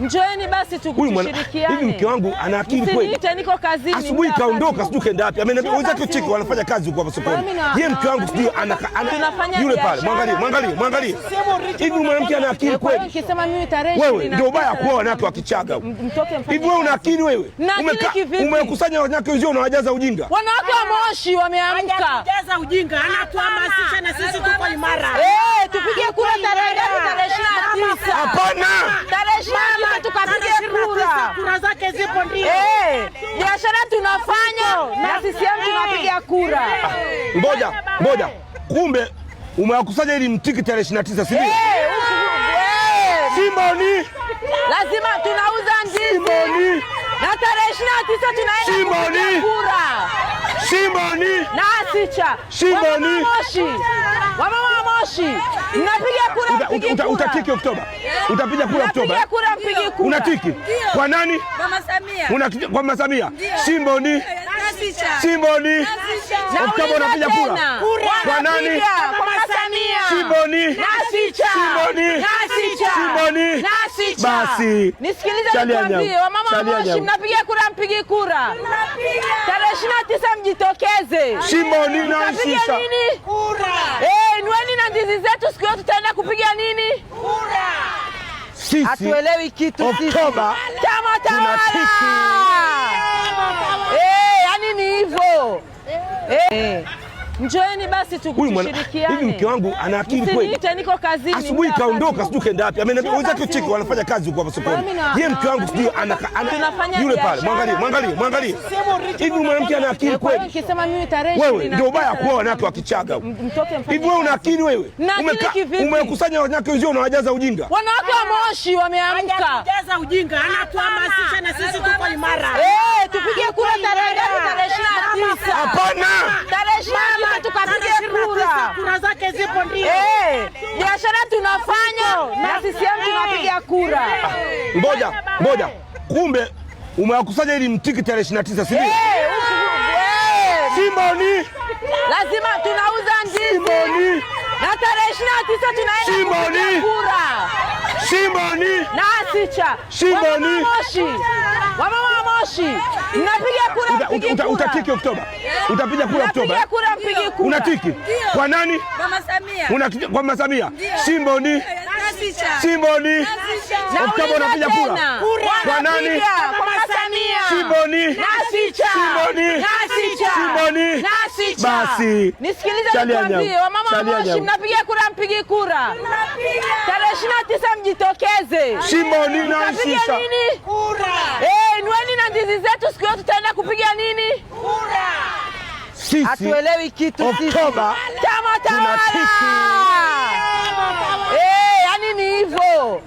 Njoeni basi tukushirikiane. Hivi mke wangu ana akili kweli? Msiniite niko kazini. Asubuhi kaondoka sijui kaenda wapi. Ameniambia wenzake chiki wanafanya kazi huko hapa sokoni. Yeye mke wangu sijui ana yule pale. Mwangalie, mwangalie, mwangalie. Hivi mwanamke ana akili kweli? Ukisema mimi tarehe 20. Wewe ndio ubaya kuoa wanawake wa Kichaga huko. Hivi wewe una akili wewe? Umekusanya wanawake wenzio unawajaza ujinga. Wanawake wa Moshi wameamka. Hajajaza ujinga. Anatuhamasisha na sisi tuko imara. Eh, tupige kura tarehe 29. Hapana. tunawapigia kura. Ngoja, ngoja. Kumbe umewakusanya ili mtiki tarehe 29, si ndio? Simba ni lazima tunauza ndizi. Na tarehe 29 tunaenda kupiga kura. Simba ni na Asicha. Simba ni Wamama Moshi. Mnapiga kura mpigie kura. Utatiki Oktoba. Utapiga kura Oktoba. Unapiga kura mpigie kura. Unatiki? Kwa nani? Mama Samia. Kwa Mama Samia. Simba ni Simoni Oktoba unapiga kura kwa nani? Simoni Simoni. Basi nisikilize, wamama wa Moshi, mnapiga kura, mpigi kura tarehe ishirini na tisa mjitokeze. Simoni na shisha nweni eh, na ndizi zetu, siku hiyo tutaenda kupiga nini? Hatuelewi kitu. Oktoba chama tawala hiyo eh. Njoeni basi tushirikiane. Huyu mke wangu ana akili kweli. Msiniite niko kazini. Asubuhi kaondoka sijui kaenda wapi. Ameniambia wenzake chiki wanafanya kazi huko hapa sokoni. Yeye mke wangu sijui ana yule pale. Mwangalie, mwangalie, mwangalie. Hivi mwanamke ana akili kweli. Ukisema mimi tarehe 20. Wewe ndio ubaya kuoa wanawake wa Kichaga huko. Hivi wewe una akili wewe? Umekusanya wanawake wenzio unawajaza ujinga. Wanawake wa Moshi wameamka. Anajaza ujinga, ah, anatuhamasisha kupigia kura. Ngoja, ngoja. Kumbe umewakusanya ili mtiki tarehe 29, si ndio? Simba ni lazima tunauza ndizi. Na tarehe 29 tunaenda kupiga kura. Simba ni na Asicha. Simba ni Wamama wa Moshi. Unapiga kura mpigie kura. Utatiki Oktoba. Utapiga kura Oktoba. Unapiga kura mpigie kura. Unatiki? Kwa nani? Mama Samia. Kwa Mama Samia. Simba ni Simoni Oktoba unapiga kura kwa nani? Simoni Simoni. Basi nisikilize, wamama wa Moshi, mnapiga kura, mpige kura tarehe ishirini na tisa mjitokeze. Simoni na shisha nweni eh, na ndizi zetu, siku hiyo tutaenda kupiga nini? Kura hatuelewi kitu. Oktoba chama tawala nível!